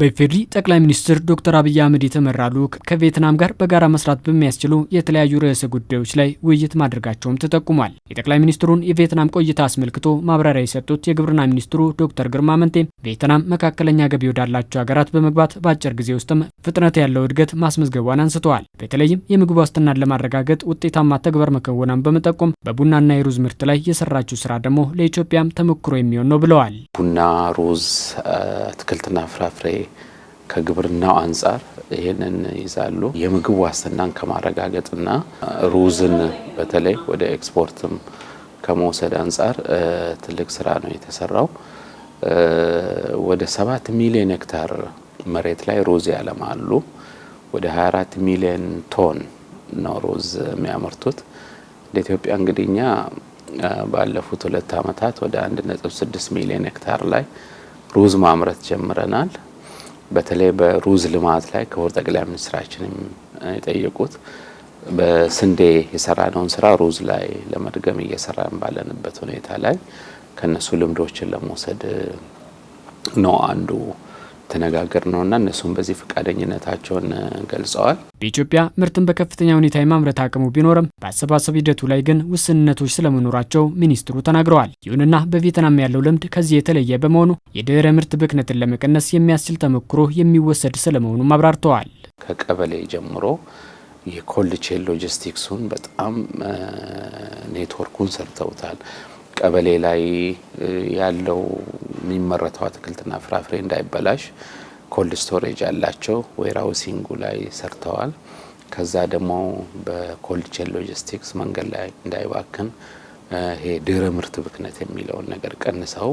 በኢፌድሪ ጠቅላይ ሚኒስትር ዶክተር አብይ አህመድ የተመራ ልዑክ ከቪየትናም ጋር በጋራ መስራት በሚያስችሉ የተለያዩ ርዕሰ ጉዳዮች ላይ ውይይት ማድረጋቸውም ተጠቁሟል። የጠቅላይ ሚኒስትሩን የቪየትናም ቆይታ አስመልክቶ ማብራሪያ የሰጡት የግብርና ሚኒስትሩ ዶክተር ግርማ መንቴ ቪየትናም መካከለኛ ገቢ ወዳላቸው ሀገራት በመግባት በአጭር ጊዜ ውስጥም ፍጥነት ያለው እድገት ማስመዝገቧን አንስተዋል። በተለይም የምግብ ዋስትናን ለማረጋገጥ ውጤታማ ተግባር መከወኗን በመጠቆም በቡናና የሩዝ ምርት ላይ የሰራችው ስራ ደግሞ ለኢትዮጵያም ተሞክሮ የሚሆን ነው ብለዋል። ቡና፣ ሩዝ፣ አትክልትና ፍራፍሬ ከግብርናው አንጻር ይህንን ይዛሉ። የምግብ ዋስትናን ከማረጋገጥና ሩዝን በተለይ ወደ ኤክስፖርትም ከመውሰድ አንጻር ትልቅ ስራ ነው የተሰራው። ወደ ሰባት ሚሊዮን ሄክታር መሬት ላይ ሩዝ ያለማሉ። ወደ 24 ሚሊዮን ቶን ነው ሩዝ የሚያመርቱት። እንደ ኢትዮጵያ እንግዲህ እኛ ባለፉት ሁለት ዓመታት ወደ 1.6 ሚሊዮን ሄክታር ላይ ሩዝ ማምረት ጀምረናል። በተለይ በሩዝ ልማት ላይ ክቡር ጠቅላይ ሚኒስትራችንም የጠየቁት በስንዴ የሰራነውን ስራ ሩዝ ላይ ለመድገም እየሰራን ባለንበት ሁኔታ ላይ ከነሱ ልምዶችን ለመውሰድ ነው አንዱ የተነጋገር ነውና እነሱም በዚህ ፈቃደኝነታቸውን ገልጸዋል። በኢትዮጵያ ምርትን በከፍተኛ ሁኔታ የማምረት አቅሙ ቢኖርም በአሰባሰብ ሂደቱ ላይ ግን ውስንነቶች ስለመኖራቸው ሚኒስትሩ ተናግረዋል። ይሁንና በቬትናም ያለው ልምድ ከዚህ የተለየ በመሆኑ የድህረ ምርት ብክነትን ለመቀነስ የሚያስችል ተሞክሮ የሚወሰድ ስለመሆኑም አብራርተዋል። ከቀበሌ ጀምሮ የኮልድ ሎጂስቲክሱን በጣም ኔትወርኩን ሰርተውታል። ቀበሌ ላይ ያለው የሚመረተው አትክልትና ፍራፍሬ እንዳይበላሽ ኮልድ ስቶሬጅ ያላቸው ዌራውሲንጉ ላይ ሰርተዋል። ከዛ ደግሞ በኮልድ ቼን ሎጂስቲክስ መንገድ ላይ እንዳይባክን ይሄ ድህረ ምርት ብክነት የሚለውን ነገር ቀንሰው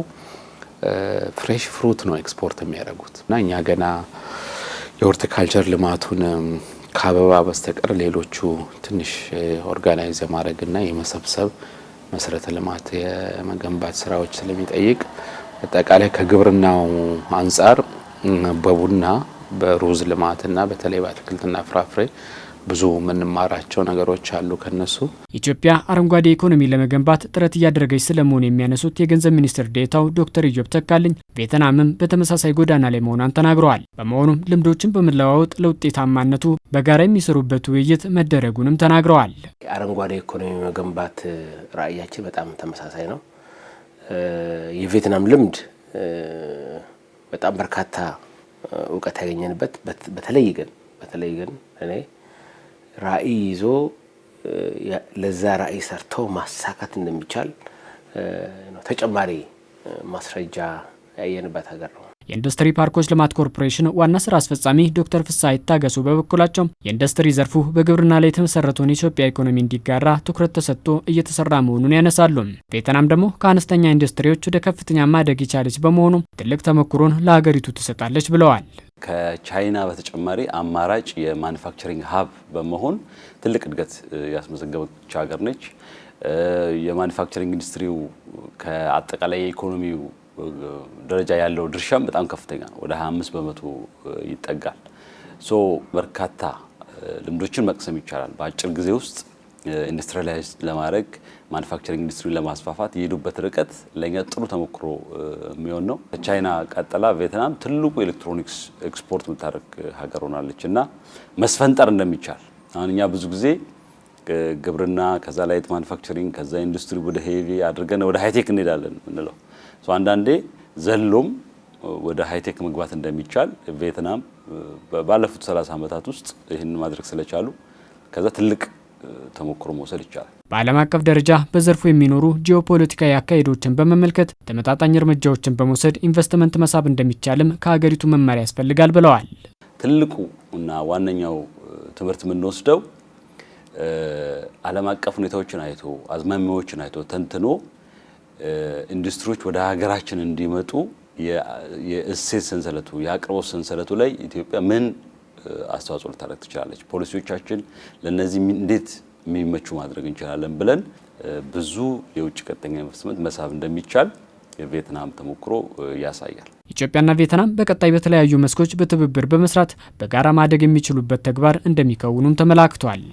ፍሬሽ ፍሩት ነው ኤክስፖርት የሚያደርጉት እና እኛ ገና የሆርቲካልቸር ልማቱን ከአበባ በስተቀር ሌሎቹ ትንሽ ኦርጋናይዝ የማድረግና የመሰብሰብ መሰረተ ልማት የመገንባት ስራዎች ስለሚጠይቅ አጠቃላይ ከግብርናው አንጻር በቡና በሩዝ ልማትና በተለይ በአትክልትና ፍራፍሬ ብዙ የምንማራቸው ነገሮች አሉ። ከነሱ ኢትዮጵያ አረንጓዴ ኢኮኖሚ ለመገንባት ጥረት እያደረገች ስለመሆኑ የሚያነሱት የገንዘብ ሚኒስትር ዴታው ዶክተር ኢዮብ ተካልኝ ቬትናምም በተመሳሳይ ጎዳና ላይ መሆኗን ተናግረዋል። በመሆኑም ልምዶችን በመለዋወጥ ለውጤታማነቱ በጋራ የሚሰሩበት ውይይት መደረጉንም ተናግረዋል። አረንጓዴ ኢኮኖሚ መገንባት ራዕያችን በጣም ተመሳሳይ ነው። የቪየትናም ልምድ በጣም በርካታ እውቀት ያገኘንበት በተለይ ግን በተለይ ግን እኔ ራዕይ ይዞ ለዛ ራዕይ ሰርቶ ማሳካት እንደሚቻል ተጨማሪ ማስረጃ ያየንበት ሀገር ነው። የኢንዱስትሪ ፓርኮች ልማት ኮርፖሬሽን ዋና ስራ አስፈጻሚ ዶክተር ፍስሐ ይታገሱ በበኩላቸው የኢንዱስትሪ ዘርፉ በግብርና ላይ የተመሰረተውን የኢትዮጵያ ኢኮኖሚ እንዲጋራ ትኩረት ተሰጥቶ እየተሰራ መሆኑን ያነሳሉ። ቬትናም ደግሞ ከአነስተኛ ኢንዱስትሪዎች ወደ ከፍተኛ ማደግ የቻለች በመሆኑ ትልቅ ተሞክሮን ለሀገሪቱ ትሰጣለች ብለዋል። ከቻይና በተጨማሪ አማራጭ የማኑፋክቸሪንግ ሀብ በመሆን ትልቅ እድገት ያስመዘገበች ሀገር ነች። የማኑፋክቸሪንግ ኢንዱስትሪው ከአጠቃላይ የኢኮኖሚው ደረጃ ያለው ድርሻም በጣም ከፍተኛ ነው፣ ወደ 25 በመቶ ይጠጋል። ሶ በርካታ ልምዶችን መቅሰም ይቻላል። በአጭር ጊዜ ውስጥ ኢንዱስትሪላይዝ ለማድረግ ማኑፋክቸሪንግ ኢንዱስትሪ ለማስፋፋት የሄዱበት ርቀት ለእኛ ጥሩ ተሞክሮ የሚሆን ነው። ከቻይና ቀጥላ ቬትናም ትልቁ ኤሌክትሮኒክስ ኤክስፖርት የምታደርግ ሀገር ሆናለች እና መስፈንጠር እንደሚቻል አሁን እኛ ብዙ ጊዜ ግብርና፣ ከዛ ላይት ማኑፋክቸሪንግ፣ ከዛ ኢንዱስትሪ ወደ ሄቪ አድርገን ወደ ሃይቴክ እንሄዳለን ምንለው አንዳንዴ ዘሎም ወደ ሃይቴክ መግባት እንደሚቻል ቪየትናም ባለፉት 30 ዓመታት ውስጥ ይህን ማድረግ ስለቻሉ ከዛ ትልቅ ተሞክሮ መውሰድ ይቻላል። በዓለም አቀፍ ደረጃ በዘርፉ የሚኖሩ ጂኦፖለቲካዊ አካሄዶችን በመመልከት ተመጣጣኝ እርምጃዎችን በመውሰድ ኢንቨስትመንት መሳብ እንደሚቻልም ከሀገሪቱ መመሪያ ያስፈልጋል ብለዋል። ትልቁ እና ዋነኛው ትምህርት የምንወስደው ዓለም አቀፍ ሁኔታዎችን አይቶ አዝማሚያዎችን አይቶ ተንትኖ ኢንዱስትሪዎች ወደ ሀገራችን እንዲመጡ የእሴት ሰንሰለቱ የአቅርቦት ሰንሰለቱ ላይ ኢትዮጵያ ምን አስተዋጽኦ ልታደረግ ትችላለች፣ ፖሊሲዎቻችን ለእነዚህ እንዴት የሚመቹ ማድረግ እንችላለን ብለን ብዙ የውጭ ቀጥተኛ ኢንቨስትመንት መሳብ እንደሚቻል የቪየትናም ተሞክሮ ያሳያል። ኢትዮጵያና ቪየትናም በቀጣይ በተለያዩ መስኮች በትብብር በመስራት በጋራ ማደግ የሚችሉበት ተግባር እንደሚከውኑም ተመላክቷል።